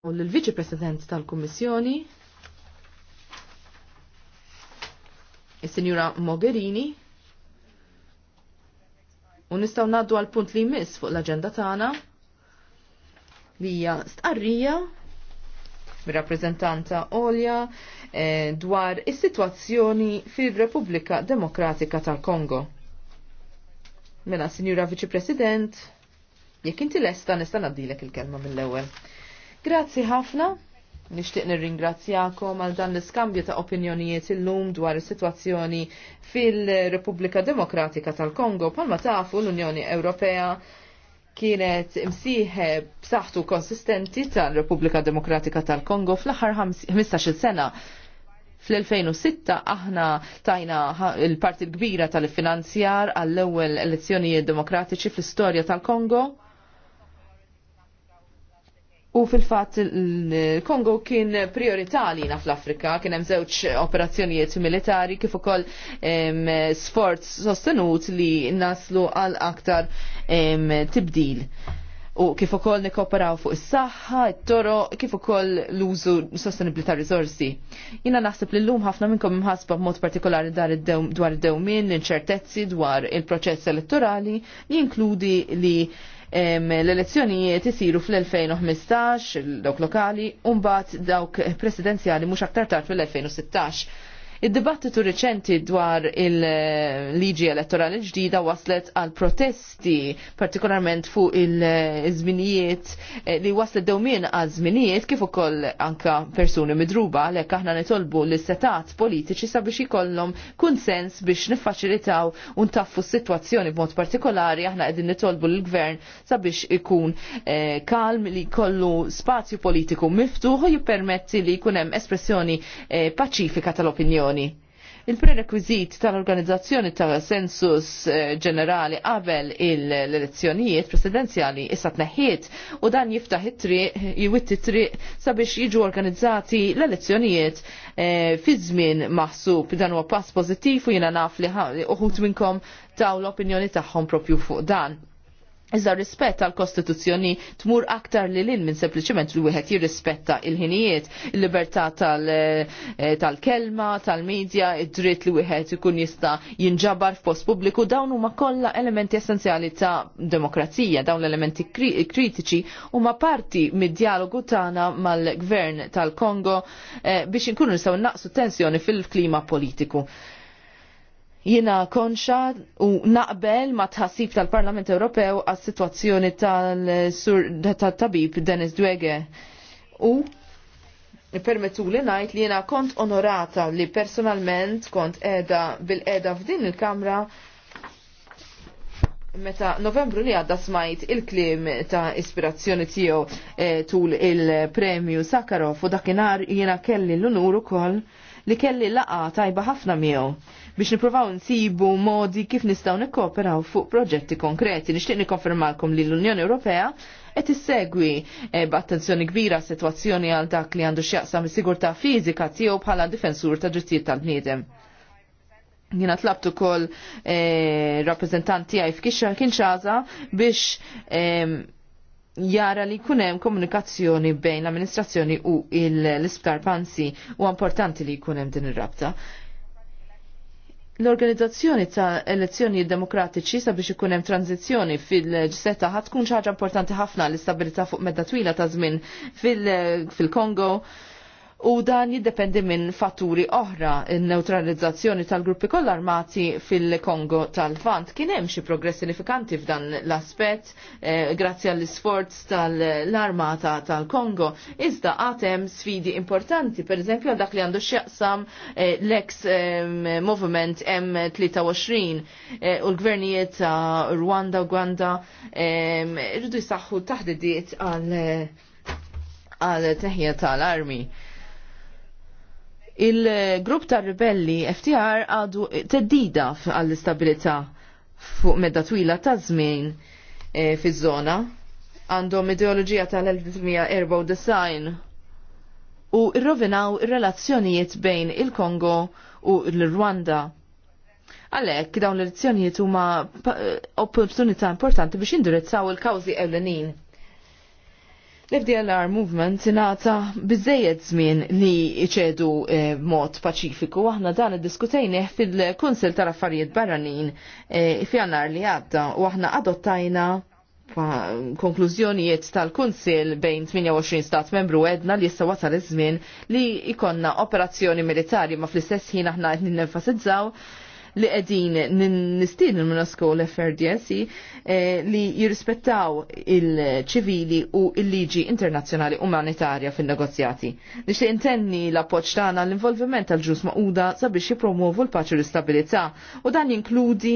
u l-Viċi President tal-Kummissjoni, il-Sinjura Mogherini, u nistaw naddu għal punt li jmiss fuq l-agenda tagħna li hija stqarrija rappreżentanta Olja eh, dwar is-sitwazzjoni fir-Repubblika Demokratika tal-Kongo. Mela, Sinjura Viċi President, jekk inti lesta nista' ngħaddilek il-kelma mill-ewwel. Grazzi ħafna. Nishtiq nirringrazzjakom għal dan l-iskambju ta' opinjonijiet illum dwar is-sitwazzjoni fil-Repubblika Demokratika tal-Kongo palma tafu l-Unjoni Ewropea kienet imsieħeb b'saħħtu konsistenti tal-Repubblika Demokratika tal-Kongo fl-aħħar 15 sena. Fl-2006 aħna tajna il-parti l-kbira tal-finanzjar għall-ewwel elezzjonijiet demokratiċi fl-istorja tal-Kongo U fil-fat il-Kongo kien prioritali na fl-Afrika, kien hemm żewġ operazzjonijiet militari kif ukoll sforz sostenut li naslu għal aktar tibdil. U kif ukoll nikoperaw fuq is-saħħa, it-toro, kif ukoll l-użu sostenibbli ta' riżorsi. Jiena naħseb li llum ħafna minnkom imħasba b'mod partikolari dwar id-dewmien, l-inċertezzi dwar il-proċess elettorali, jinkludi li l-elezzjonijiet isiru fl-2015 dawk lokali un mbagħad dawk presidenziali mhux aktar tard fl 2016 Id-dibattitu riċenti dwar il-liġi elettorali ġdida waslet għal protesti, partikolarment fuq il-żminijiet eh, li waslet dewmien għal żminijiet kif ukoll anka persuni midruba li aħna nitolbu l setat politiċi sabiex jkollhom kunsens biex niffaċilitaw u ntaffu s-sitwazzjoni b'mod partikolari aħna qegħdin nitolbu l-gvern sabiex ikun eh, kalm li kollu spazju politiku miftuħ u jippermetti li jkun hemm espressjoni eh, paċifika tal-opinjoni unjoni Il-prerekwizit tal-organizzazzjoni tal-sensus eh, ġenerali qabel l-elezzjonijiet presidenzjali issa tneħħiet u dan jiftaħ it-triq, jwitt it-triq sabiex jiġu organizzati l-elezzjonijiet eh, fi żmien maħsub dan huwa pass pożittiv u jiena naf li uħut minnkom taw l-opinjoni tagħhom propju fuq dan. Iżda rispett għal kostituzzjoni tmur aktar li lil minn sempliċement li wieħed jirrispetta il-ħinijiet, il-libertà eh, tal-kelma, tal-medja, id-dritt li wieħed ikun jista' jinġabar f'post pubbliku, dawn huma kollha elementi essenzjali ta' demokrazija, dawn l-elementi kritiċi huma parti mid-dialogu tagħna mal-gvern tal-Kongo eh, biex inkunu nistgħu naqsu tensjoni fil-klima politiku jina konxa u naqbel ma tħassib tal-Parlament Ewropew għas situazzjoni tal-sur tal-tabib Dennis Dwege. U permettu li najt li jina kont onorata li personalment kont edha bil-edha f'din il-kamra meta novembru li għadda smajt il-klim ta' ispirazzjoni tiegħu eh, tul il-premju Sakharov u dakinhar jiena kelli l-unur ukoll li kelli laqa tajba ħafna miegħu biex nipruvaw nsibu modi kif nistgħu nikkooperaw fuq proġetti konkreti. Nixtieq nikkonfermalkom li l-Unjoni Ewropea qed issegwi eh, b'attenzjoni kbira sitwazzjoni għal dak li għandu x'jaqsam is-sigurtà fiżika tiegħu bħala difensur ta' ġrittijiet tal-bniedem jina tlabt ukoll e, eh, rappresentanti għaj f'kinxaza biex eh, jara li kunem komunikazzjoni bejn l-amministrazzjoni u l-isptar pansi u importanti li kunem din ir-rabta. L-organizzazzjoni ta' elezzjoni demokratiċi sabiex ikun hemm tranzizzjoni fil-ġsetta ħadd tkun ħaġa importanti ħafna l istabilita fuq medda twila ta' żmien fil-Kongo. fil kongo u dan jiddependi minn fatturi oħra il-neutralizzazzjoni tal-gruppi kollha armati fil-Kongo tal fant Kien hemm xi progress sinifikanti f'dan l-aspett eh, grazzi għall-isforz tal-armata tal-Kongo. Iżda għad hemm sfidi importanti, pereżempju għal dak li għandu x'jaqsam eh, l-ex eh, movement M23 eh, u l-gvernijiet ta' Rwanda, Gwanda irridu eh, jisaxħu taħdidiet għal eh, għal teħja tal-armi. Il-grupp ta' ribelli FTR għadu teddida għall-istabilità fuq medda twila ta' żmien e, fiż-żona għandhom ideoloġija tal-1994 u irrovinaw ir-relazzjonijiet bejn il-Kongo u l-Rwanda. Għalek, dawn l-elezzjonijiet huma opportunità importanti biex indirizzaw il-kawżi ewlenin L-FDLR movement nata bizzejed żmien li iċedu eh, mod paċifiku, aħna dan iddiskutejnieh fil-Kunsil tal-Affarijiet Barranin eh, f'jannar li għadda u aħna adottajna konklużjonijiet tal-Kunsil bejn 28 stat membru edna li jissa wasal iż-żmien li ikonna operazzjoni militari ma fl-istess ħin aħna qed ninnenfasizzaw li qegħdin nistin il-Monasco l-FRDNC li jirrispettaw il-ċivili u il-liġi internazzjonali umanitarja fin-negozjati. Nixtieq intenni l-appoġġ tagħna l-involviment tal-ġus maquda sabiex jippromovu l-paċi u l-istabilità u dan jinkludi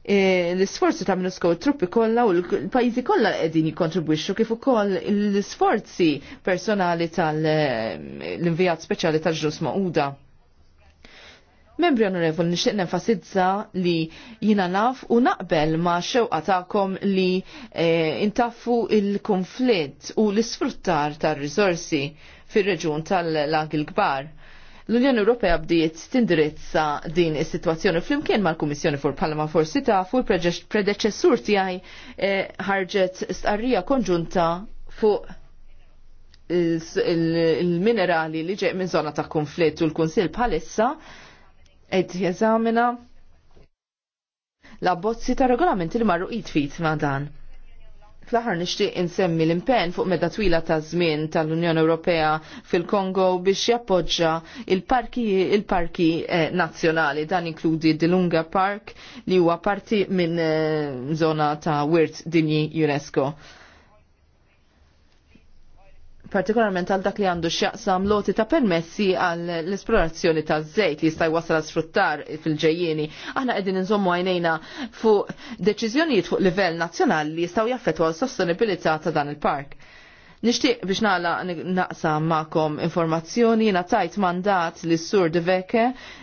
eh, l-isforzi ta' minusko truppi kollha u l-pajjiżi kollha qegħdin jikkontribwixxu kif ukoll l-isforzi personali tal-invijat eh, speċjali tal-ġus maquda. Membri onorevoli, nixtieq nenfasizza li jina naf u naqbel ma xewqa tagħkom li e, intaffu il-konflitt u l-isfruttar tar risorsi fir-reġun tal-lag il-kbar. L-Unjoni Ewropea bdiet tindirizza din is-sitwazzjoni flimkien mal-Kummissjoni fuq Palma forsi tafu l-predeċessur tiegħi eh, ħarġet stqarrija konġunta fuq il-minerali li ġej minn zona ta' konflitt u l-Kunsil bħalissa ed jeżamina la bozzi ta' regolamenti li marru id-fit ma' dan. Fl-aħħar nixtieq insemmi l-impenn fuq medda twila ta' żmien tal-Unjoni Ewropea fil-Kongo biex jappoġġa il-parki il-parki eh, nazzjonali dan inkludi Dilunga Park li huwa parti minn eh, zona ta' Wirt Dinji UNESCO partikolarment għal dak li għandu xjaqsam loti ta' permessi għal l-esplorazzjoni ta' zejt li jista' jwassal sfruttar fil ġejjini Aħna qegħdin inżommu għajnejna fuq deċiżjonijiet fuq livell nazzjonali li jistgħu jaffettwa s-sostenibilità ta' dan il-park. Nixtieq biex nagħlaq naqsam magħkom informazzjoni jiena tajt mandat li sur De Veke,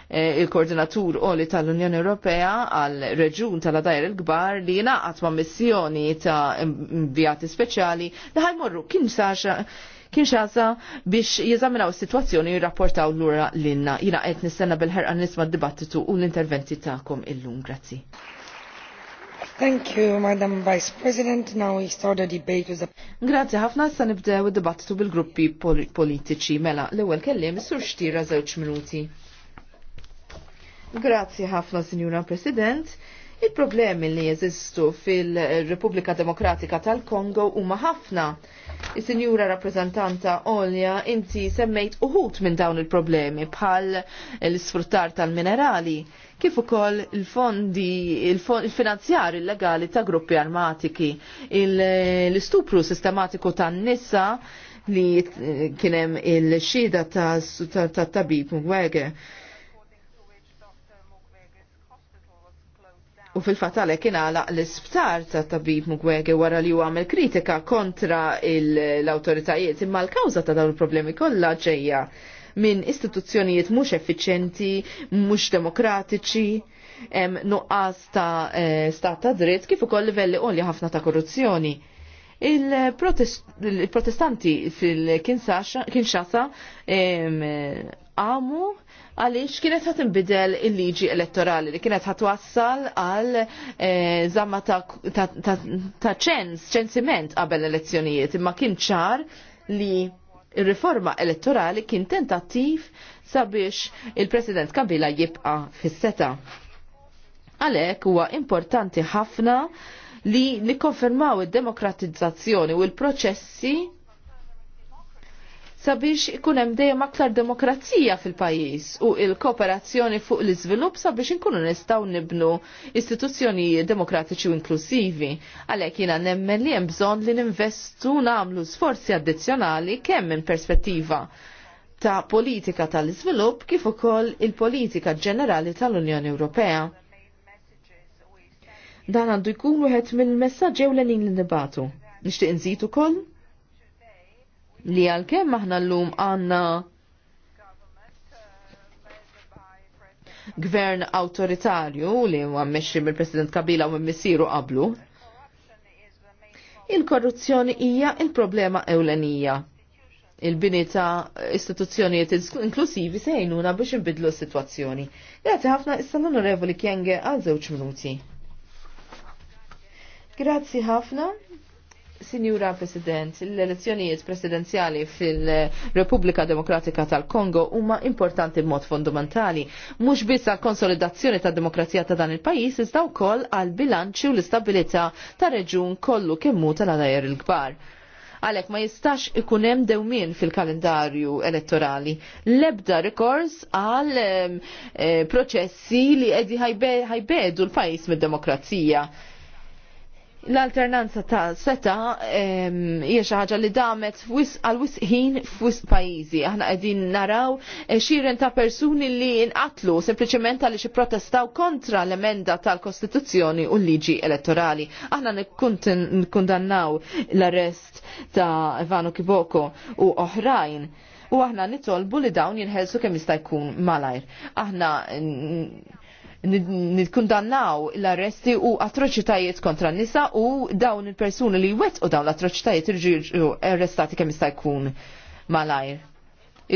eh, il-koordinatur oli tal-Unjoni Ewropea għal reġun tal-Adajr il-Gbar li jingħaqad ma' missjoni ta' invjati speċjali li ħajmorru kien saxa kien xaza biex jeżaminaw is-sitwazzjoni l jirrapportaw lura l-inna. Jina qed nistenna bil-ħerqa nisma' d-dibattitu u l-interventi tagħkom illum. Grazzi. Thank you, Madam Vice President. Now we start the debate with the... Grazie, ħafna sa nibdew id-dibattitu bil-gruppi politiċi. Mela, l-ewel kellim, sur xtira zewċ minuti. Grazie, ħafna, Signora President. Il-problemi li jeżistu fil-Repubblika Demokratika tal-Kongo huma ħafna. Is-Sinjura Rappreżentanta Olja, inti semmejt uħut minn dawn il-problemi bħal l-isfruttar tal-minerali kif ukoll il-fondi, il-finanzjar illegali ta' gruppi armatiki, l-istupru sistematiku ta' nissa li kienem il-xida ta' tabib Mugwege. U fil-fatale kien għalaq l-isptar ta' tabib mugwege wara li għamil kritika kontra l-autoritajiet imma l-kawza ta' dawn il-problemi kollha ġejja minn istituzzjonijiet mhux effiċenti, mhux demokratiċi, nuqqas ta' eh, stat ta' dritt kif ukoll livelli qolja ħafna ta' korruzzjoni. Il-protestanti il fil-Kinshasa għamu għaliex kienet ħat imbidel il-liġi elettorali li kienet ħat wassal għal eh, zamma ta' ċens, ċensiment qabel elezzjonijiet, imma kien ċar li il-riforma elettorali kien tentattiv sabiex il-President Kabila jibqa fis-seta. Għalek huwa importanti ħafna li nikkonfermaw id-demokratizzazzjoni u l-proċessi sabiex ikun hemm dejjem aktar demokrazija fil-pajjiż u il-kooperazzjoni fuq l-iżvilupp sabiex inkunu nistgħu nibnu istituzzjonijiet demokratiċi u inklusivi. Għalhekk jiena nemmen li hemm bżonn li ninvestu nagħmlu sforzi addizzjonali kemm minn perspettiva ta' politika tal-iżvilupp kif ukoll il-politika ġenerali tal-Unjoni Ewropea. Dan għandu jkun wieħed mill messaġġ ewlenin li nibatu. Nixtieq nżid ukoll li għalkemm aħna llum għandna gvern autoritarju li huwa mmexxi mill-President Kabila u missieru qablu. Il-korruzzjoni hija il-problema ewlenija. Il-bini ta' istituzzjonijiet inklusivi sejnuna biex inbidlu s-sitwazzjoni. Grazzi ħafna issa l-Onorevoli Kjenge għal żewġ minuti. Grazzi ħafna, Signora President, l-elezzjonijiet presidenziali fil-Repubblika Demokratika tal-Kongo huma importanti b'mod fondamentali, mhux biss għal konsolidazzjoni tad demokrazija ta' dan il-pajjiż iżda wkoll għal bilanċi u l-istabilità ta' reġun kollu kemm hu tal-għadajer il-kbar. Għalek ma jistax ikun hemm dewmien fil-kalendarju elettorali. l-ebda rikors għal ehm, eh, proċessi li qegħdin ħajbedu l pajjiż mid-demokrazija l-alternanza ta' seta hija xi ħaġa li damet għal wisħin f'wisq pajjiżi. Aħna qegħdin naraw eh, xiren ta' persuni li inqatlu sempliċement għaliex protestaw kontra l-emenda tal-Kostituzzjoni u l-liġi elettorali. Aħna nikkundannaw l-arrest ta' Ivano Kiboko u oħrajn u aħna nitolbu li dawn jinħelsu kemm jista' jkun malajr. Aħna mm, Nikkundannaw l-arresti u atroċitajiet kontra nisa u dawn il-persuni li u dawn l-atroċitajiet irġiġu arrestati kemm jista' jkun malajr.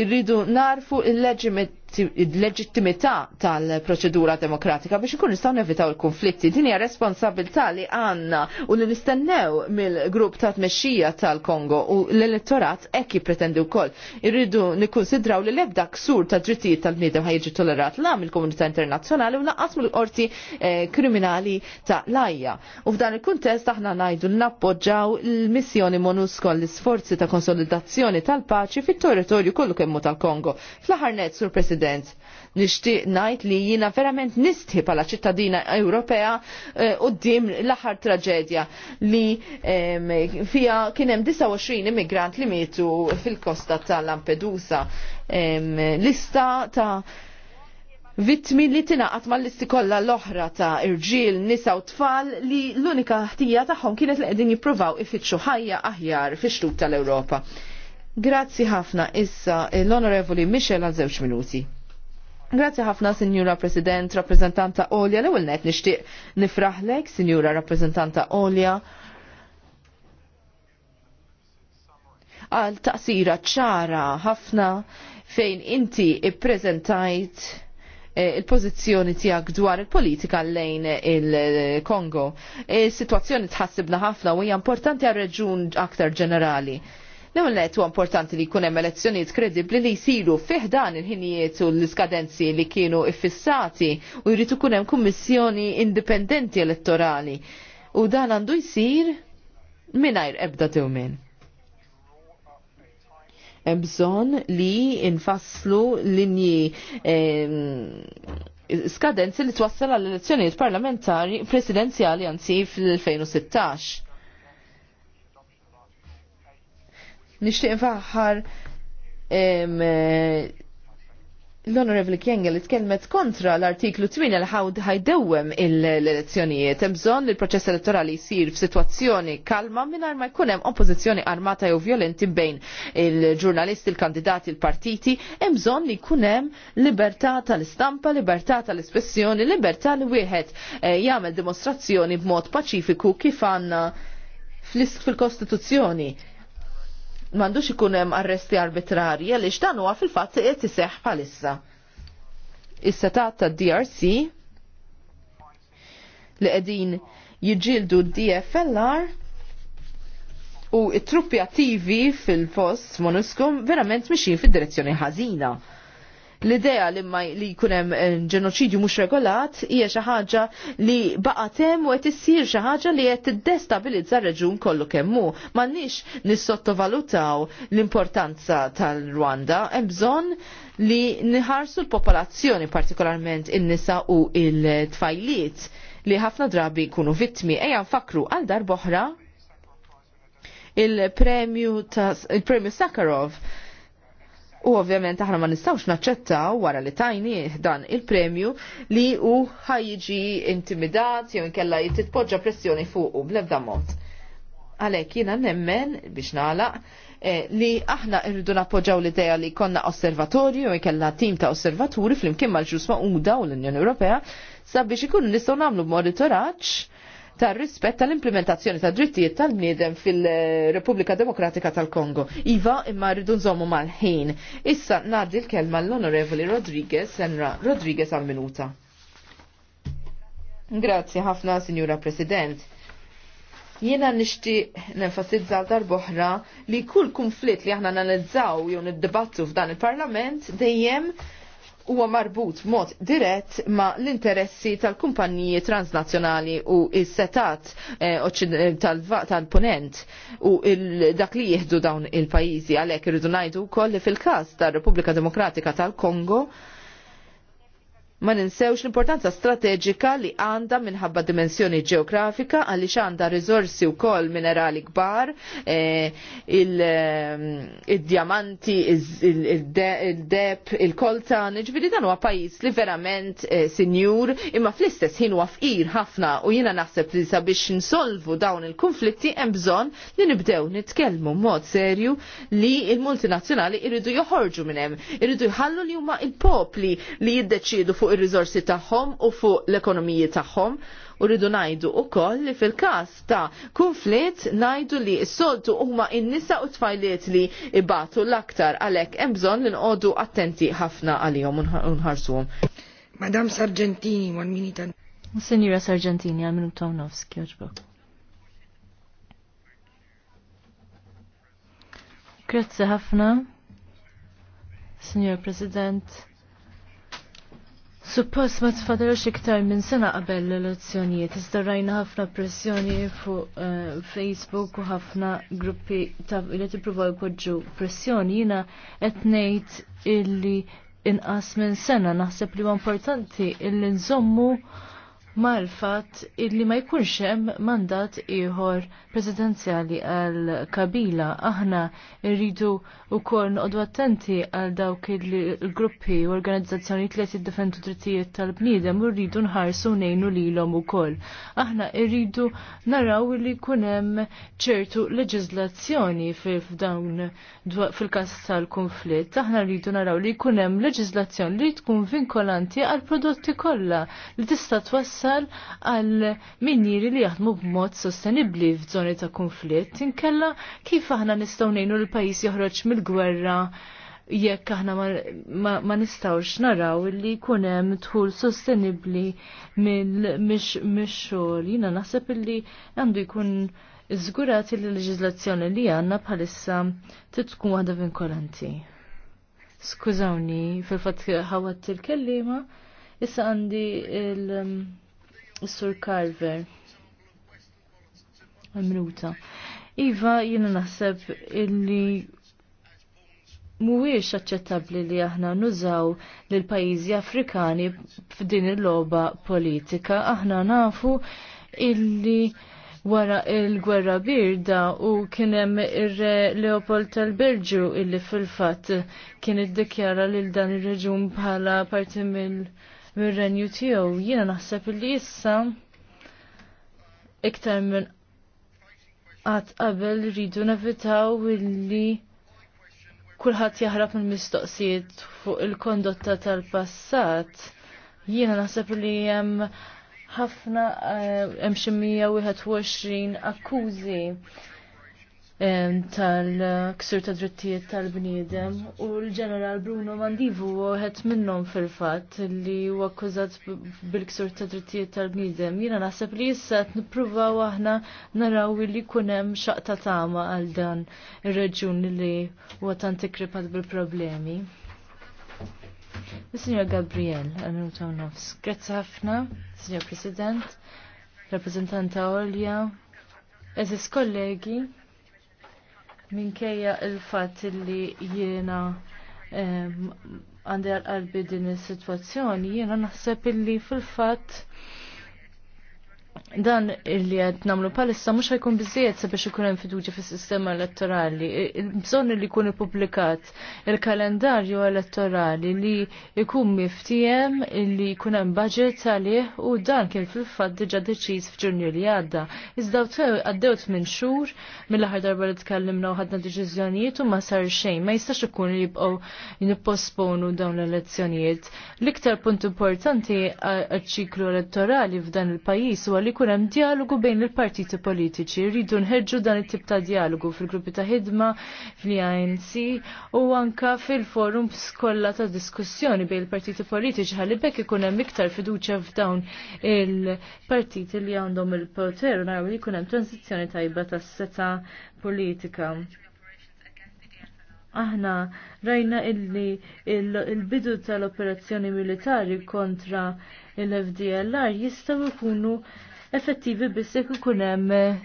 Irridu narfu il leġi il-leġittimità tal-proċedura demokratika biex ikun nistgħu nevitaw il-konflitti. Din hija responsabilità li għandna u li nistennew mill-grupp ta' tmexxija tal-Kongo u l-elettorat hekk jippretendi wkoll. Irridu nikkunsidraw li l-ebda ksur ta' drittijiet tal-bniedem ħajġi tolerat la mill-komunità internazzjonali u naqas mill-qorti eh, kriminali ta' lajja. U f'dan il-kuntest aħna ngħidu nappoġġaw il-missjoni MONUSCO l-isforzi ta' konsolidazzjoni tal-paċi fit-territorju kollu kemmu tal-Kongo. Fl-aħħar nett, Sur President, President. Nixtieq ngħid li jiena verament nistħi bħala ċittadina Ewropea eh, quddiem uh, l-aħħar traġedja li um, fija kien hemm 29 immigrant li mietu fil-kosta ta' Lampedusa. Um, lista ta' Vittmi li tinaqat ma l-listi kollha l-oħra ta' irġiel, nisa u tfal li l-unika ħtija tagħhom kienet li qegħdin jippruvaw ifittxu ħajja aħjar fix-xtub tal-Ewropa. Grazzi ħafna issa l-Onorevoli Michel għal żewġ minuti. Grazzi ħafna, Sinjura President, Rappresentanta Olja, l-ewwel net nixtieq nifraħlek, Sinjura Rappresentanta Olja, għal taqsira ċara ħafna fejn inti ippreżentajt eh, il-pozizjoni tijak dwar il-politika lejn il-Kongo. Il-situazzjoni e, tħassibna ħafna u hija importanti għal reġun aktar ġenerali. Nemmen ewwel net huwa importanti li jkun hemm elezzjonijiet kredibbli li jsiru fih dan il-ħinijiet u l-iskadenzi li kienu iffissati u jrid ikun hemm kummissjoni indipendenti elettorali. U dan għandu jsir mingħajr ebda tiwmin Ebżon li infasslu linji ehm, skadenzi li twassal għall elezzjonijiet parlamentari presidenziali anzi fl-2016. Nixtieq faħħar l-Onorevli Kjengel tkellmet kontra l-artiklu 8 għal ħawd ħajdewem l-elezzjonijiet. Hemm bżonn li l-proċess elettorali jsir f'sitwazzjoni kalma mingħajr ma jkun hemm oppożizzjoni armata jew violenti bejn il-ġurnalisti, il-kandidati, il-partiti, hemm bżonn li jkun hemm libertà tal-istampa, libertà tal-espressjoni, libertà li wieħed eh, jagħmel dimostrazzjoni b'mod paċifiku kif għandna fil-Kostituzzjoni mandux ikun hemm arresti arbitrarji għaliex dan huwa fil-fatt qed iseħħ bħalissa. Issa ta tad-DRC li qegħdin jiġġieldu d-DFLR u t truppi attivi fil-post monuskum verament mixin fid-direzzjoni ħażina. L-idea li ma li kunem eh, ġenoċidju mux regolat hija xi ħaġa li baqatem u qed issir xi ħaġa li qed tiddestabilizza reġun kollu kemm hu. M'għandniex nissottovalutaw l-importanza tal-Rwanda, hemm bżonn li nħarsu l-popolazzjoni partikolarment in-nisa u il-tfajliet li ħafna drabi kunu vittmi. Ejja nfakru għal darboħra il-premju il Sakharov U ovvjament aħna ma nistawx naċċettaw wara li tajni dan il-premju li u ħajġi intimidat jew inkella jitpoġġa pressjoni fuq u blebda mod għalek jina nemmen biex nalaq eh, li aħna irridu nappoġġaw l-ideja li konna osservatorju u jkella tim ta' osservaturi fl-imkien mal-ġus ma' u l-Unjoni Ewropea sabiex ikunu nistgħu nagħmlu monitoraġġ tar rispett tal-implementazzjoni ta' drittijiet tal-bniedem fil-Repubblika Demokratika tal-Kongo. Iva imma rridu nżommu mal-ħin. Issa ngħaddi l-kelma l-Onorevoli Rodriguez, Senra Rodriguez għal-minuta. Grazzi ħafna, Signora President jiena nixtieq nenfasizza għal darboħra li kull konflitt li aħna analizzaw jew niddibattu f'dan il-Parlament dejjem huwa marbut mod dirett ma l-interessi tal-kumpanniji transnazzjonali u s-setat eh, eh, tal-ponent u dak li jieħdu dawn il-pajizi għalhekk irridu ngħidu wkoll li fil-każ tar-Repubblika Demokratika tal-Kongo Ma ninsewx l-importanza strateġika li għanda minħabba dimensjoni ġeografika għaliex għanda rizorsi u kol minerali kbar, eh, il eh, il-deb, il deb il koltan ġviri dan huwa pajis li verament eh, sinjur imma fl-istess ħin huwa fqir ħafna u jiena naħseb li sabiex nsolvu dawn il-konflitti hemm bżonn li nibdew nitkellmu mod serju li il-multinazzjonali irridu joħorġu minn hemm, irridu jħallu li huma il-popli li jiddeċiedu fuq fuq ir-riżorsi tagħhom u fuq l-ekonomiji tagħhom u rridu ngħidu wkoll li fil kas ta' kunflitt ngħidu li s-soltu huma in nisa u tfajliet li ibatu l-aktar għalhekk hemm bżonn li nqogħdu attenti ħafna għalihom u nħarsuhom. Madam Sargentini, one minute. Signora Sargentini, għal minuta u nofs, kjoġbok. Grazie ħafna, Signor President Suppost ma tfadalx iktar minn sena qabel l-elezzjonijiet, iżda rajna ħafna pressjoni fuq eh, Facebook u ħafna gruppi ta' li tippruvaw jpoġġu pressjoni jiena qed ngħid illi inqas minn sena naħseb li huwa importanti illi nżommu mal-fat illi ma jkunx hemm mandat ieħor presidenzjali għal kabila aħna rridu wkoll noqogħdu attenti għal dawk il-gruppi u organizzazzjonijiet li qed jiddefendu drittijiet tal-bniedem u rridu nħarsu ngħinu lilhom ukoll. Aħna rridu naraw li jkun hemm ċertu leġiżlazzjoni f'dawn fil-każ tal-konflitt. Aħna rridu naraw li jkun hemm leġiżlazzjoni li tkun vinkolanti għal prodotti kollha li tista' twassal twassal għal minniri li jaħdmu b'mod sostenibli f'żoni ta' konflitt, inkella kif aħna nistgħu ngħinu l-pajjiż joħroġ mill-gwerra jekk aħna ma, ma, ma nistawx naraw li jkun hemm tħul sostenibli mill-xogħol. Jiena naħseb illi għandu jkun iżgurat li l-leġizlazzjoni li għanna bħalissa titkun waħda vinkolanti. Skużawni, fil-fat ħawat il-kellima, issa għandi il- Sur Carver. Minuta. Iva, jiena naħseb illi mhuwiex aċċettabbli li aħna nużaw lil pajjiżi Afrikani f'din il-logħba politika. Aħna nafu illi wara il-gwerra birda u kienem ir-re Leopold tal-Belġu illi fil-fat kien iddikjara lil dan ir-reġun bħala parti mill- mir-renju tiegħu. Jiena naħseb li issa iktar minn qatt qabel rridu nevitaw illi kulħadd jaħrab mill-mistoqsijiet fuq il-kondotta tal-passat. Jiena naħseb li hemm ħafna eh, hemm xi 121 akkużi tal-ksur ta' drittijiet tal-bniedem u l-ġeneral Bruno Mandivu għet minnom fil-fat li u akkużat bil-ksur ta' drittijiet tal-bniedem. Jina naħseb li jissat nipruva aħna naraw li kunem xaqta tama għal dan il-reġun li u għatan tikripat bil-problemi. Signor Gabriel, għal nofs. Grazie ħafna, Signor President rappresentanta Olja, eżis kollegi, minkejja il-fatt li jiena għandi għal qalbi din is-sitwazzjoni, jiena naħseb illi fil-fatt dan li għed namlu palissa mux ħajkun bizziet sabiex ikun hemm fiduġi fis-sistema elettorali. Bżonn li jkun ippubblikat il-kalendarju elettorali li jkun miftijem li jkun hemm budget għalih u dan kien fil-fatt diġà deċiż f'ġurni li għadda. Iżda għaddew minn xhur mill-aħħar darba li tkellimna u ħadna deċiżjonijiet u ma sar xejn, ma jistax ikun li jibqgħu nipposponu dawn l-elezzjonijiet. L-iktar punt importanti għal ċiklu elettorali f'dan il-pajjiż huwa li ikun hemm dialogu bejn il-partiti politiċi. Rridu nħeġġu dan it-tip ta' dialogu fil-gruppi ta' ħidma, fl-INC u anka fil-forum skolla ta' diskussjoni bejn il-partiti politiċi ħalli bekk ikun hemm iktar fiduċja f'dawn il-partiti li għandhom il-poter u naraw li jkun hemm transizzjoni tajba tas-seta politika aħna rajna illi il-bidu tal-operazzjoni militari kontra l-FDLR jistaw ikunu effettivi biss jekk ikun hemm eh,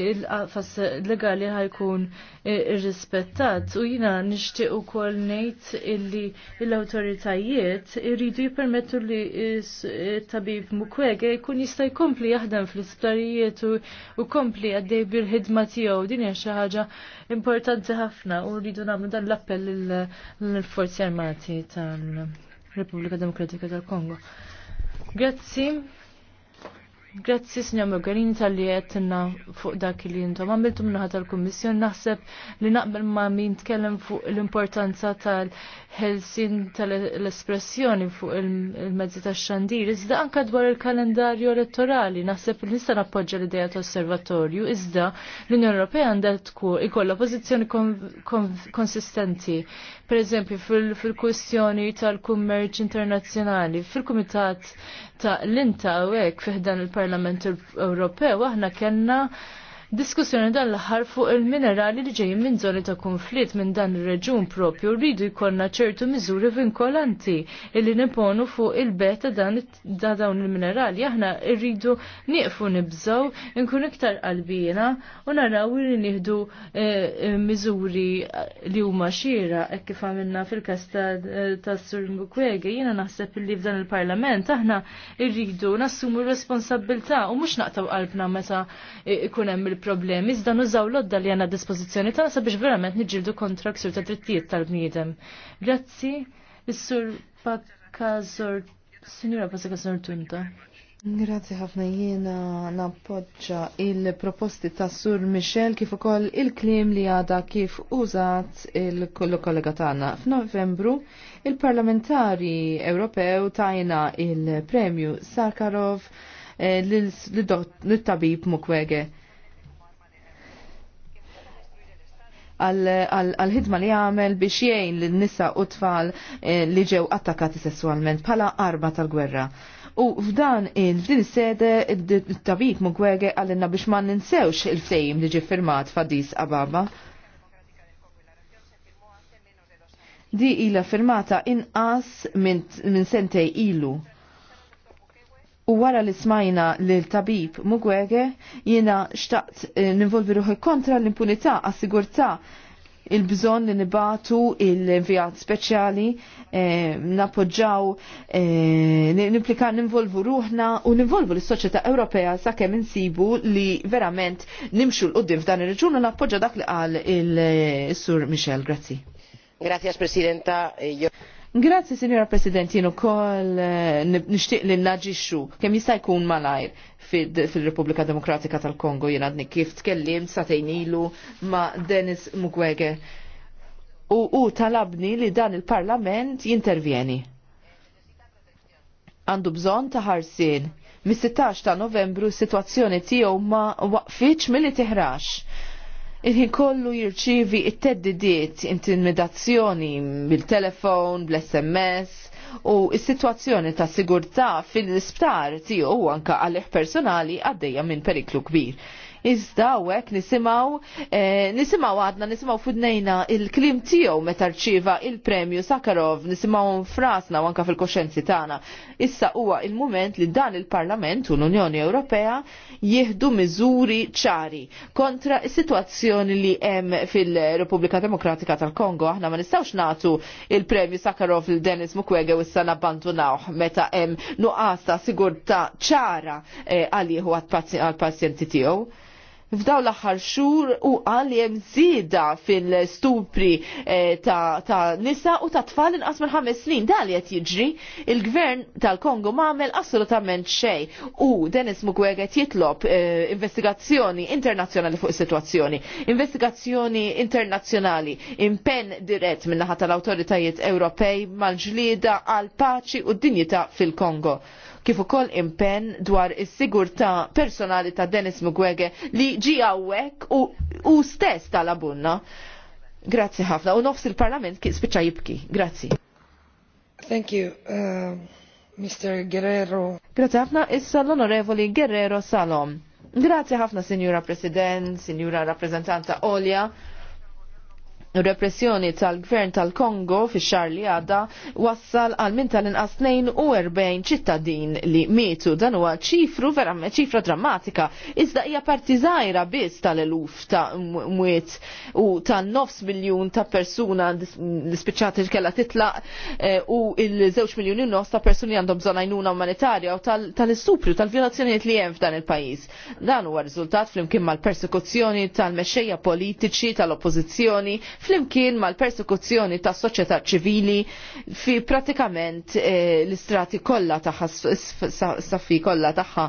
il-qafas legali ħajkun eh, irrispettat u jiena nixtieq ukoll ngħid illi l-awtoritajiet iridu jippermettu li eh, tabib mukwege jkun jista' jkompli jaħdem fl-isptarijiet u kompli għaddej bil-ħidma tiegħu din hija xi ħaġa importanti ħafna u rridu nagħmlu dan l-appell lill-Forzi Armati tal-Repubblika Demokratika tal-Kongo. Grazzi. Grazzi, signor Mogherini, tal-li għettinna fuq dak li jintom għamiltu minnaħat tal-Kommissjon. Naħseb li naqbel ma' min tkellem fuq l-importanza tal-ħelsin tal-espressjoni fuq il-mezzi ta' xandir. Iżda anka dwar il-kalendarju elettorali, naħseb li nista' nappoġġa l-ideja ta' osservatorju. Iżda l-Unjoni Ewropea għandha tkun ikolla pożizzjoni konsistenti per eżempju fil-kwestjoni tal-kummerċ internazzjonali, fil-kumitat ta' l intawek u hekk fiħdan il-Parlament Ewropew aħna kellna diskussjoni dan l-aħħar fuq il-minerali li ġejjin minn żoni ta' konflitt minn dan ir-reġun propju rridu jkollna ċertu miżuri vinkolanti illi niponu fuq il-bet ta' dawn il-minerali. Aħna rridu nieqfu nibżgħu nkun iktar qalbina u naraw li nieħdu eh, miżuri li huma xira hekk kif għamilna fil-każ ta' Sur Kwege. Jiena naħseb li f'dan il-Parlament aħna rridu nassumu r-responsabilità u mhux naqtaw qalbna meta eh, ikun hemm il problemi iżda nużaw l-odda li għanna dispozizjoni tagħna sabiex verament niġġieldu kontra ksur ta' drittijiet tal-bniedem. Grazzi, is-sur Pakkazor, Signora Pakkazor Tunta. Grazie ħafna jiena nappoġġa il-proposti ta' Sur Michel kif ukoll il-klim li għada kif użat il-kollega kollu tagħna. F'Novembru il-parlamentari Ewropew tajna il-premju Sarkarov eh, l-tabib Mukwege għal-ħidma li għamel biex jgħin l-nisa u tfal eh, li ġew attakati sessualment bħala arba tal-gwerra. U f'dan il-din sede il-tabik mugwege għallinna biex ma ninsewx il-fejm li ġi firmat fadis Ababa. Di ila firmata inqas minn sentej ilu U wara li smajna li l-tabib Mugwege jiena xtaqt eh, ninvolvi ruħi kontra l-impunità għassigurta sigurtà il-bżon li nibatu il-vijat speċjali, eh, napoġġaw, eh, nimplika ninvolvu ruħna u ninvolvu l-Soċjetà Ewropea sakemm insibu li verament nimxu l-qoddim f'dan ir-reġun u nappoġġa dak li qal il-Sur eh, Michel. Grazzi. Grazie, Presidenta. Eh, Grazzi, Signora President, jien ukoll eh, nixtieq li naġixxu kemm jista' jkun malajr fil-Repubblika Demokratika tal-Kongo jien għadni kif tkellim satejn ilu ma' Dennis Mukwege. U, u talabni li dan il-Parlament jintervjeni. Għandu bżonn ta' ħarsien. Mis-16 ta' Novembru s-sitwazzjoni tiegħu ma waqfitx milli tiħrax il-ħin kollu jirċivi it-teddidiet, intimidazzjoni bil-telefon, bl-SMS, u s-situazzjoni ta' sigurtà fil-isptar tiegħu anka għalih personali għaddejja minn periklu kbir iżda hekk nisimgħu eh, nisimgħu għadna nisimgħu fudnejna il-klim tiegħu meta rċieva il-premju Sakarov nisimgħu frasna u anka fil-koxenzi tagħna. Issa huwa il-mument li dan il-Parlament u l-Unjoni Ewropea jieħdu miżuri ċari kontra is-sitwazzjoni li hemm fil-Repubblika Demokratika tal-Kongo. Aħna ma nistgħux nagħtu il-premju Sakarov lil Dennis Mukwege u issa nabbandunaw meta hemm nuqqas ta' sigurtà ċara eh, għalieħu għal-pazjenti tiegħu f'daw l-aħħar xhur u li hemm żieda fil-stupri eh, ta', nisa u ta' tfal inqas minn ħames snin. Dan li qed jiġri, il-gvern tal-Kongo m'għamel assolutament xejn u Dennis Mukwege jitlob eh, investigazzjoni internazzjonali fuq is-sitwazzjoni, investigazzjoni internazzjonali, impenn dirett minn naħa tal-awtoritajiet Ewropej mal-ġlieda għal paċi u d-dinjità fil-Kongo kif ukoll impenn dwar is-sigurtà personali ta' Dennis Mugwege li ġi hawnhekk u, u stess tal-abunna. Grazzi ħafna u nofs il-Parlament kif spiċċa jibki. Grazzi. Thank you. Uh, Mr. Guerrero. Grazie ħafna issa l-Onorevoli Guerrero Salom. Grazie ħafna, Signora President, Signora Rappresentanta Olja repressjoni tal-gvern tal-Kongo fi xar li għadda wassal għal min tal-inqas 42 ċittadin li mietu dan huwa ċifru verament ċifra drammatika iżda hija parti żgħira biss tal-eluf ta' mwiet u tan-nofs miljun ta' persuna l-ispiċċati kella titlaq eh, u il-żewġ miljuni nofs ta' persuni għandhom bżonn għajnuna umanitarja u tal-istupru tal-violazzjonijiet li hemm f'dan il-pajjiż. Dan huwa riżultat flimkien mal-persekuzzjoni tal-mexxejja politiċi tal-oppożizzjoni flimkien mal-persekuzzjoni ta' soċjetà ċivili fi pratikament l-istrati kollha tagħha saffi kollha tagħha.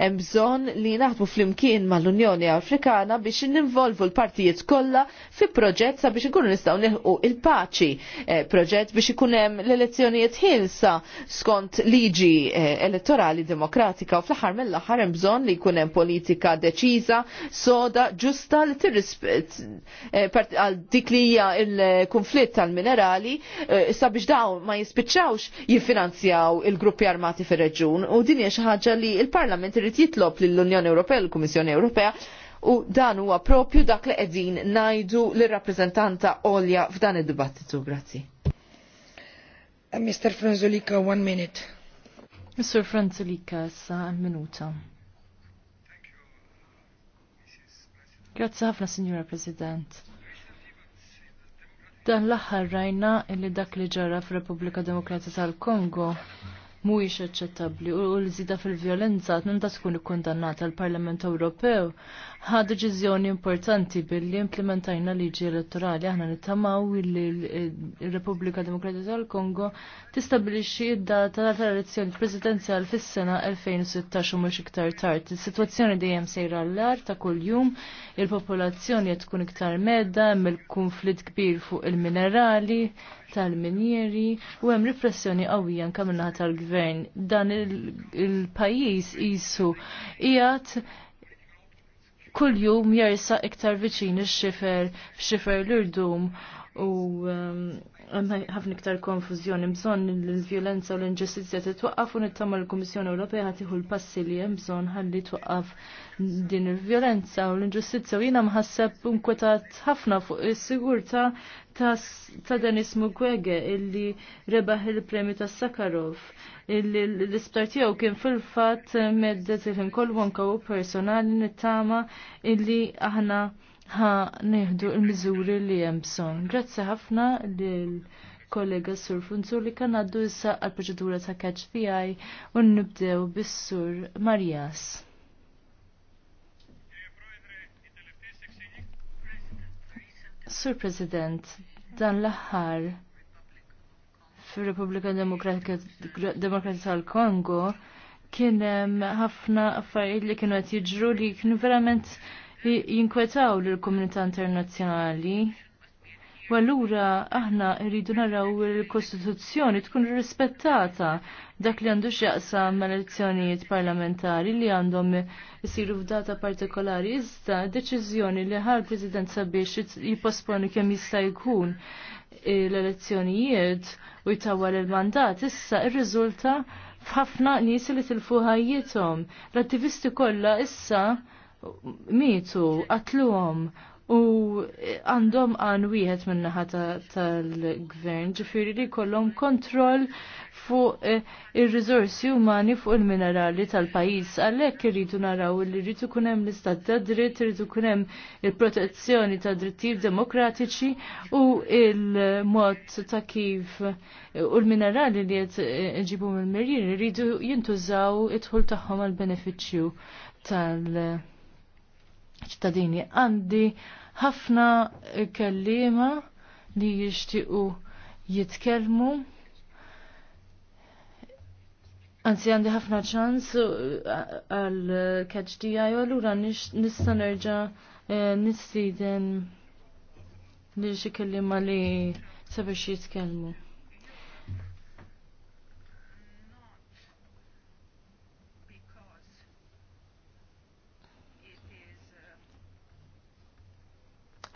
Hemm bżonn li naħdmu flimkien mal-Unjoni Afrikana biex ninvolvu l-partijiet kollha fi proġett sabiex ikunu nistgħu nilħu il-paċi. Eh, proġett biex ikun hemm l-elezzjonijiet ħilsa skont liġi eh, elettorali demokratika u fl-aħħar mill-aħħar hemm bżonn li jkun hemm politika deċiża, soda, ġusta li tirrispett eh, għal dik li hija l-kunflitt tal-minerali sabiex dawn ma jispiċċawx jiffinanzjaw il-gruppi armati fir-reġjun u din hija xi ħaġa li l-Parlament il-Parlament irid jitlob lill-Unjoni Ewropea, l-Kummissjoni Ewropea, u dan huwa propju dak li qegħdin ngħidu lir-rappreżentanta Olja f'dan id-dibattitu. Grazzi. Uh, Mr. Franzolika, one minute. Mr. Franzolika, sa minuta. Grazzi ħafna, Signora President. Dan l-aħħar rajna illi dak li ġara f'Repubblika repubblika Demokratika tal-Kongo mhuwiex aċċettabbli u l-żida fil-vjolenza tnanda tkun ikkundannata l-Parlament Ewropew ħa deċiżjoni importanti billi implementajna liġi elettorali aħna nittamaw li l-Repubblika Demokratika tal-Kongo tistabbilixxi d-data tal-elezzjoni presidenzjali fis-sena 2016 u mhux iktar tard. Is-sitwazzjoni dejjem sejra l-lar ta' kuljum, il-popolazzjoni qed tkun iktar medda, hemm il-kunflitt kbir fuq il-minerali, tal-minjeri u hemm repressjoni qawwija anke minnaħa tal-gvern. Dan il-pajjiż isu qiegħed kull jum jersa iktar viċin ix-xifer f'xifer l-irdum u ehm, ħafna iktar konfużjoni bżonn il vjolenza u l-inġustizja titwaqqaf u nittama l-Kummissjoni Ewropea ħatiħu l-passi li hemm bżonn ħalli twaqqaf din il-violenza u l-inġustizja u jina mħasseb unkwetat ħafna fuq is-sigurta ta' Denis Mukwege illi rebaħ il-premju ta' Sakharov illi l-isptar tiegħu kien fil-fatt meddet il-ħin kol wonka u personali nittama illi aħna ħa neħdu l-miżuri li hemm bżonn. Grazzi ħafna lil kollega Sur Funzur li kan għaddu issa għal-proċedura ta' catch VI u nibdew bis-Sur Marjas. Sur President, dan l-aħħar fir-Repubblika Demokratika tal-Kongo kien hemm ħafna affarijiet li kienu qed jiġru li kienu verament jinkwetaw lill-komunità internazzjonali. Wallura aħna rridu naraw il-Kostituzzjoni tkun rispettata dak li għandu x'jaqsam mal-elezzjonijiet parlamentari li għandhom isiru f'data partikolari iżda deċiżjoni li ħal President sabiex jipposponi kemm jista' jkun l-elezzjonijiet u jtawal il-mandat issa ir-riżulta f'ħafna nies li tilfu ħajjithom. L-attivisti kollha issa mitu qatluhom u għandhom għan wieħed minnaħa tal-gvern ġifiri li kollhom kontroll fuq eh, ir-riżorsi umani fuq il-minerali tal-pajis. Għalhekk irridu naraw li rridu kun hemm l-istat ta' dritt, irridu kun hemm il-protezzjoni ta' drittijiet demokratiċi u il-mod ta' kif eh, u l-minerali li qed eh, ġibu mill-mirjir irridu jintużaw it-tħul tagħhom għal benefiċċju tal-ċittadini. Għandi ħafna kellima li jixtiequ jitkellmu. Anzi għandi ħafna ċans uh, għal catch di għaj, għallura nista nerġa eh, nistiden li xikellim li sabiex jitkellmu.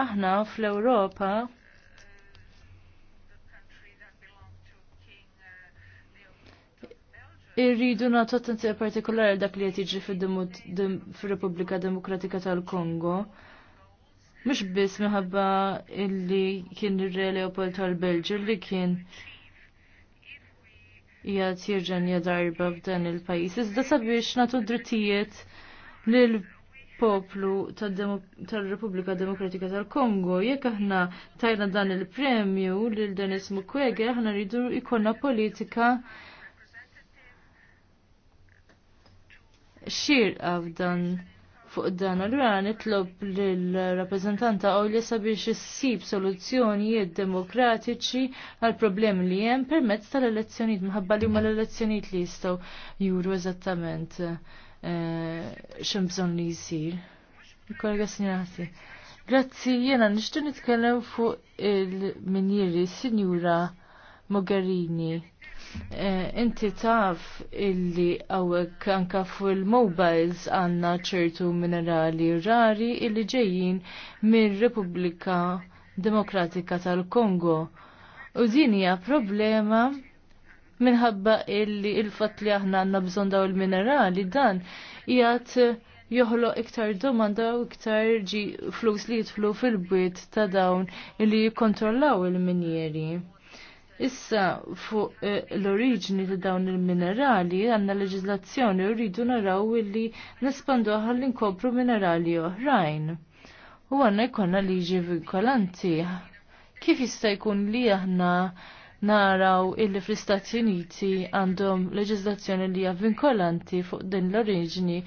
Aħna fl-Ewropa irridu nagħtu attenzjoni partikolari dak li qed jiġri fir-Repubblika Demokratika tal-Kongo. Mhux biss minħabba illi kien ir-Re Leopold tal-Belġu li kien jgħat jirġan jadarba f'dan il-pajis. Iżda sabiex natu drittijiet lil poplu tal-Repubblika Demokratika tal-Kongo, jekk aħna tajna dan il-premju lil Denis Mukwege, aħna rridu ikonna politika xirqa dan fuq dan. Allura nitlob lill-rappreżentanta li sabiex issib soluzzjonijiet demokratiċi għal problemi li hemm permezz tal-elezzjonijiet, minħabba li huma l-elezzjonijiet li jistgħu juru eżattament Eh, xem bżon li jisir. kolega Sinjati. Grazzi, jena nishtu nitkellem fuq il-minjiri Sinjura Mogherini. Eh, inti taf illi għawek anka fuq il-mobiles għanna ċertu minerali rari illi ġejjin minn Repubblika Demokratika tal-Kongo. U din hija problema minħabba illi il-fat li aħna għanna bżon daw il-minerali dan jgħat joħlo iktar domanda u iktar ġi flus li jitflu fil-bwiet ta' dawn illi jikontrollaw il-minjeri. Issa fuq eh, l-oriġini ta' dawn il-minerali għanna leġizlazzjoni u rridu naraw illi nespandu għal inkopru minerali oħrajn. U għanna jkonna liġi vinkolanti. Kif jista' jkun li aħna naraw illi fl-Istati Uniti għandhom leġislazzjoni li hija vinkolanti fuq din l-oriġini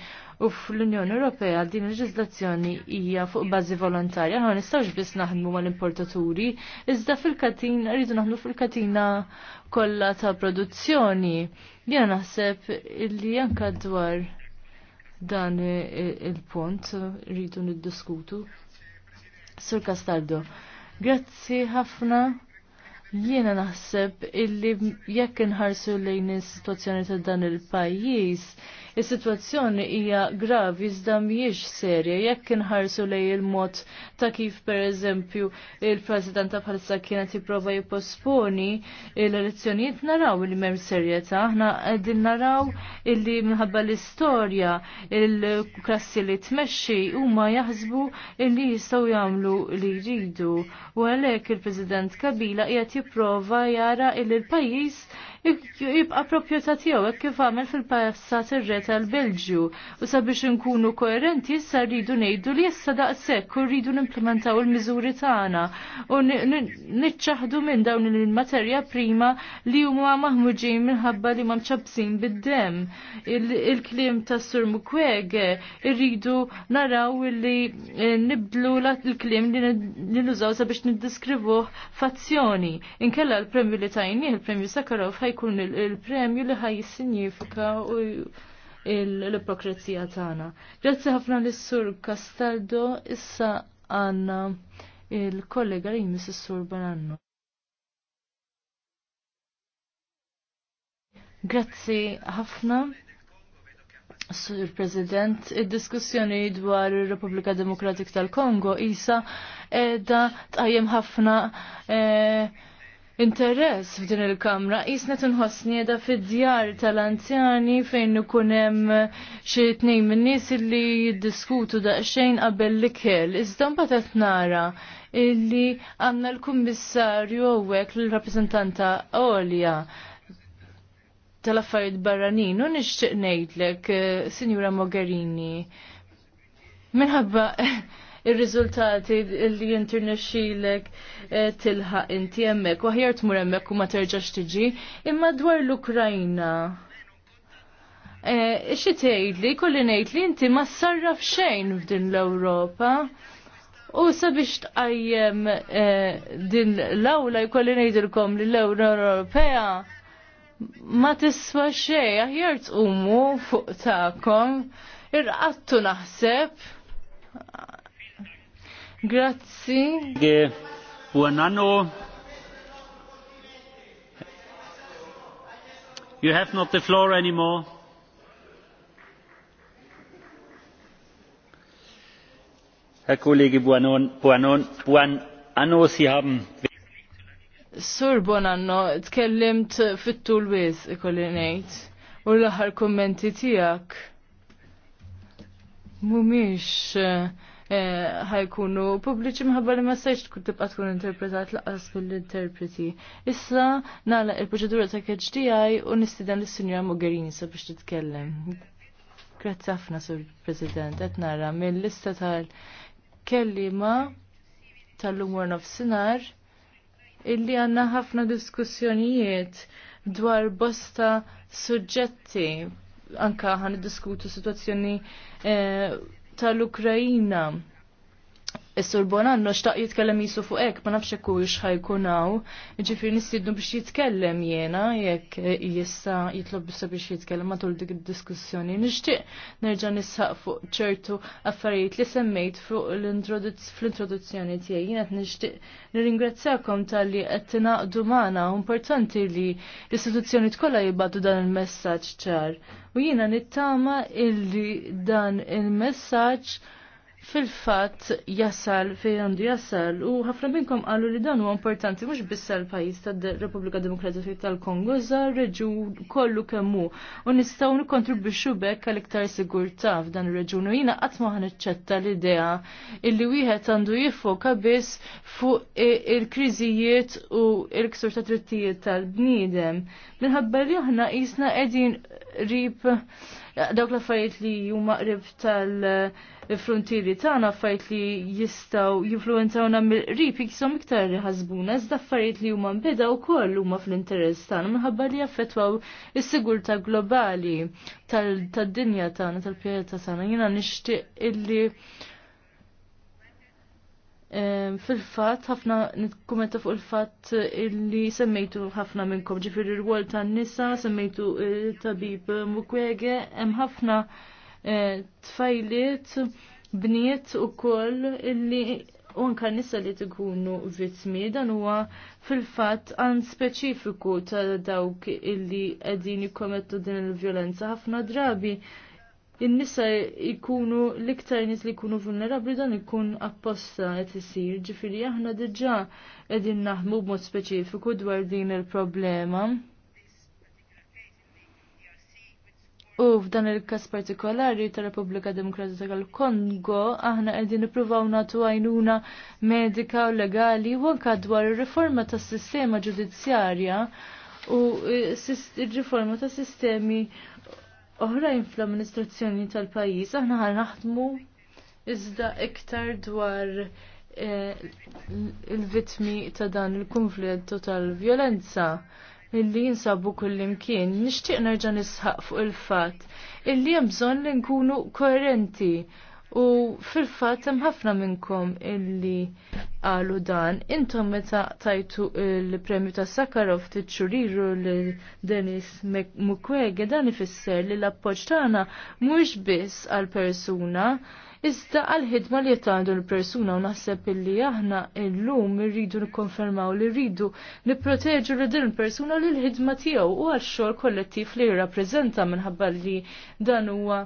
u fl-Unjoni Ewropea din il-leġislazzjoni hija fuq bażi volontarja, ma nistgħux biss naħdmu mal-importaturi, iżda fil-katina rridu naħdmu fil-katina kollha ta' produzzjoni. Jiena naħseb illi anke dwar dan il-punt rridu niddiskutu. Sur Castaldo, grazzi ħafna. Jiena naħseb illi jekk inħarsu lejn is-sitwazzjoni ta' dan il-pajjiż, Is-sitwazzjoni hija gravi iżda mhijiex serja jekk inħarsu lej il-mod ta' kif pereżempju il-President bħalissa kienet jipprova jipposponi l-elezzjonijiet naraw li m'hemm serjetà. Aħna qegħdin naraw illi minħabba l-istorja il-klassi li tmexxi huma jaħsbu illi jistgħu jagħmlu li jridu u għalhekk il-President Kabila qiegħed jipprova jara illi l-pajjiż jibqa' ta' tiegħu hekk kif għamel fil-passat ir-re tal-Belġju u sabiex inkunu koerenti issa rridu ngħidu li issa daqshekk u rridu nimplementaw il-miżuri tagħna u niċċaħdu minn dawn il-materja prima li huma maħmuġin minħabba li ma mċabsin bid-dem. Il-kliem tas Sur Mukwege rridu naraw eh, li nibdlu l-kliem li nużaw sabiex niddiskrivuh fazzjoni. Inkella l-premju li tajnih, il-premju Sakarov ħaj jkun il-premju li ħaj jissinjifika l ipokrazija tagħna. Grazzi ħafna lis-Sur Castaldo issa għandna il-kollega li jmiss is-Sur Bananno. Grazzi ħafna. Sur President, il diskussjoni dwar ir-Repubblika Demokratik tal-Kongo isa edha tqajjem ħafna eh, interess f'din il-kamra jisna tinħossni edha fid-djar tal-anzjani fejn ikun hemm xi tnejn min-nies illi jiddiskutu daqsxejn qabel l-ikel. Iżda mbagħad qed nara illi għandna l-kummissarju hawnhekk l-rappreżentanta Olja tal-affarijiet barranin u nixtieq ngħidlek, eh, Sinjura Mogherini, minħabba il-rizultati li jinternexxilek eh, tilħaq inti hemmhekk u aħjar tmur hemmhekk u ma terġax tiġi. Imma dwar l-Ukrajna. Ixi eh, tgħidli, kolli ngħid li inti ma sarraf xejn f'din l-Ewropa. U sabiex tqajjem eh, din l-awla jkolli ngħidilkom li l-Ewra Ewropea ma tiswa xej, aħjar umu fuq tagħkom irqattu naħseb Grazzi. anno. You have not the floor anymore. Herr Kollege Buanon, Buanon, Buan Anno, Sie haben Sur Bonanno, tkellimt fit-tul wiz ikolli ngħid. U l kommenti kummenti tiegħek mhumiex eh, Eh, ħajkunu pubbliċi minħabba li ma sejx tkun tibqa' tkun interpretat laqas mill-interpreti. Issa nala il-proċedura ta' KHDI u nistidan lis-Sinjora Mogherini sabiex titkellem. Grazzi ħafna sur President qed nara mill-lista tal-kellima tal-lum of nofsinhar illi għandna ħafna diskussjonijiet dwar bosta suġġetti anka ħan diskutu situazzjoni eh, tal-Ukrajina. Is-sur Bonanno xtaq jitkellem jisu fuq hekk ma nafx hekk hux hawn. nistidnu biex jitkellem jiena jekk jissa jitlob biss biex jitkellem matul dik id-diskussjoni. Nixtieq nerġa' nisħaq fuq ċertu affarijiet li semmejt fuq l-introduzzjoni tiegħi. Jiena qed nixtieq nirringrazzjakom talli qed tingħaqdu magħna importanti li l-istituzzjoni tkollha jibgħatu dan il-messaġġ ċar. U jiena nittama illi dan il-messaġġ il messaġġ fil-fat jasal fejn għandu jasal u ħafna minnkom qalu li dan huwa importanti mhux biss l pajjiż tad-Repubblika Demokratika tal-Kongo za' reġun kollu kemm hu u nistgħu nikkontribwixxu bekk għal iktar sigurtà f'dan ir-reġun u jiena qatt ma iċċetta l-idea illi wieħed għandu jiffoka biss fuq il-kriżijiet u l-ksur ta' Trittijiet tal-bniedem. Minħabba li aħna qisna qegħdin rib dawk l-affarijiet li huma qrib tal- il-frontieri tagħna f'fajt li jistgħu jinfluwenzawna mill-qrib jiksom iktar li ħasbuna iżda affarijiet li huma nbeda wkoll huma fl-interess tagħna minħabba li jaffettwaw is-sigurtà globali tad-dinja tagħna tal-pjaneta tagħna. Jiena nixtieq illi fil-fat, ħafna nitkumenta fuq il-fat illi semmejtu ħafna minnkom, ġifiri r-wol ta' nisa, semmejtu tabib mukwege, hemm ħafna Eh, tfajliet bniet u koll illi unka nisa li tkunu vittmi dan huwa fil-fatt għan speċifiku ta' dawk illi qegħdin jikkomettu din il-vjolenza ħafna drabi in-nisa jkunu l-iktar nies li jkunu vulnerabbli dan ikun apposta qed isir, ġifieri aħna diġà qegħdin naħmu b'mod speċifiku dwar din il-problema. U f'dan il-kas partikolari ta' Repubblika Demokratika tal-Kongo, aħna qegħdin niprufaw nagħtu għajnuna medika u legali u anka dwar ir-riforma tas-sistema ġudizzjarja u il riforma ta' sistemi oħrajn fl-amministrazzjoni tal-pajjiż aħna ħan naħdmu iżda iktar dwar il-vitmi eh, ta' dan il konflittu u tal-vjolenza illi jinsabu kullimkien, nixtieq nerġa' nisħaq fuq il-fatt illi hemm bżonn li nkunu koerenti u fil-fatt hemm ħafna minnkom illi qalu dan. Intom meta tajtu il-premju ta' Sakharov tiċċuriru lil Denis Mukwege dan ifisser li l-appoġġ tagħna mhux biss għal persuna Iżda għal-ħidma li jtandu l-persuna u naħseb illi aħna illum irridu nikkonfermaw li rridu nipproteġu li din il-persuna li l-ħidma tiegħu u għal-xogħol kollettiv li jirrappreżenta minħabba li dan huwa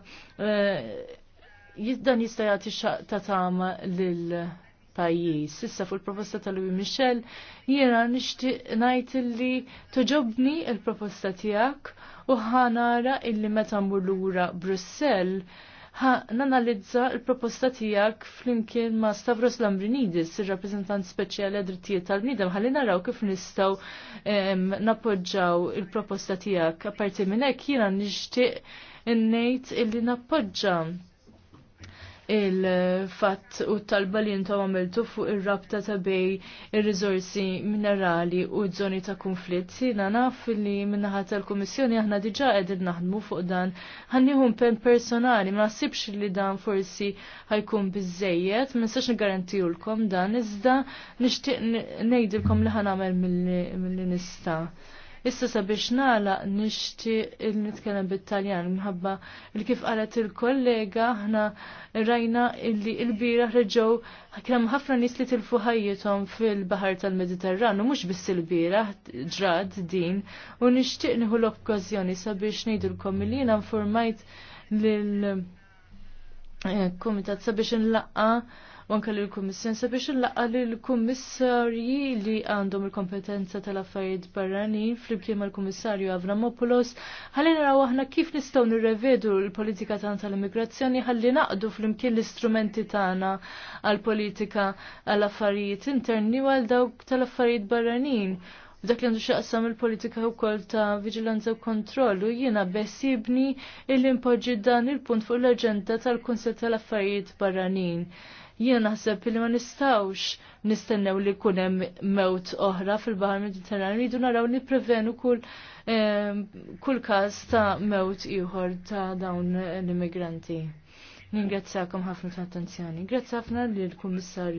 eh, dan jista' jagħti ta' tama lil pajjiż. Issa fuq il-proposta ta' Louis Michel jiena nixtieq ngħid li toġobni l proposta tiegħek u ħanara illi meta mmur lura Brussell Ħa nanalizza l-proposta tijak flimkien ma Stavros Lambrinidis, il-rappresentant speċjali għadrittijiet tal-bnidem, ħalli naraw kif nistaw napoġġaw il-proposta tijak. Aparti minn hekk jiena nixtieq innejt illi nappoġġa il-fatt u talba li jintom għamiltu fuq il-rabta ta' bej il-rizorsi minerali u zoni ta' konflitt. Sina naf li minnaħat tal-Komissjoni aħna diġa għedin naħdmu fuq dan. Għannihum pen personali, ma' sibx li dan forsi ħajkun bizzejiet, ma' sax garantijulkom dan, iżda nishtiq nejdilkom li għamil mill-nista. mill-nista. Issa sabiex nala nixtieq il nitkellem bit-Taljan minħabba il kif qalet il-kollega aħna rajna illi l-bira reġgħu kemm ħafna nies li tilfu ħajjithom fil-Baħar tal-Mediterran u mhux biss il-bira ġrad din u nixtieq nieħu l-okkażjoni sabiex ngħidulkom milli jiena informajt lil eh, Komitat sabiex nlaqqa wanka li l kummissjon sabiex li l kummissarji li għandhom il-kompetenza tal-affarijiet barranin flimkien mal-Kummissarju Avramopoulos ħalli naraw aħna kif nistgħu nirrevedu l-politika tagħna tal-immigrazzjoni ħalli naqdu flimkien l-istrumenti tagħna għall-politika għall-affarijiet interni u għal dawk tal-affarijiet barranin. Dak li għandu xaqsam il-politika u kol ta' vigilanza u kontrollu jiena besibni il-impoġi dan il-punt fuq l-agenda tal-Kunsel tal-Affarijiet Barranin. Jiena naħseb li ma nistawx nistennew li jkun hemm mewt oħra fil-Baħar Mediterran, rridu naraw nipprevenu kull kul każ ta' mewt ieħor ta' dawn l-immigranti. Ningrazzakom ħafna tal attenzjoni. Grazzi ħafna lill kummissarju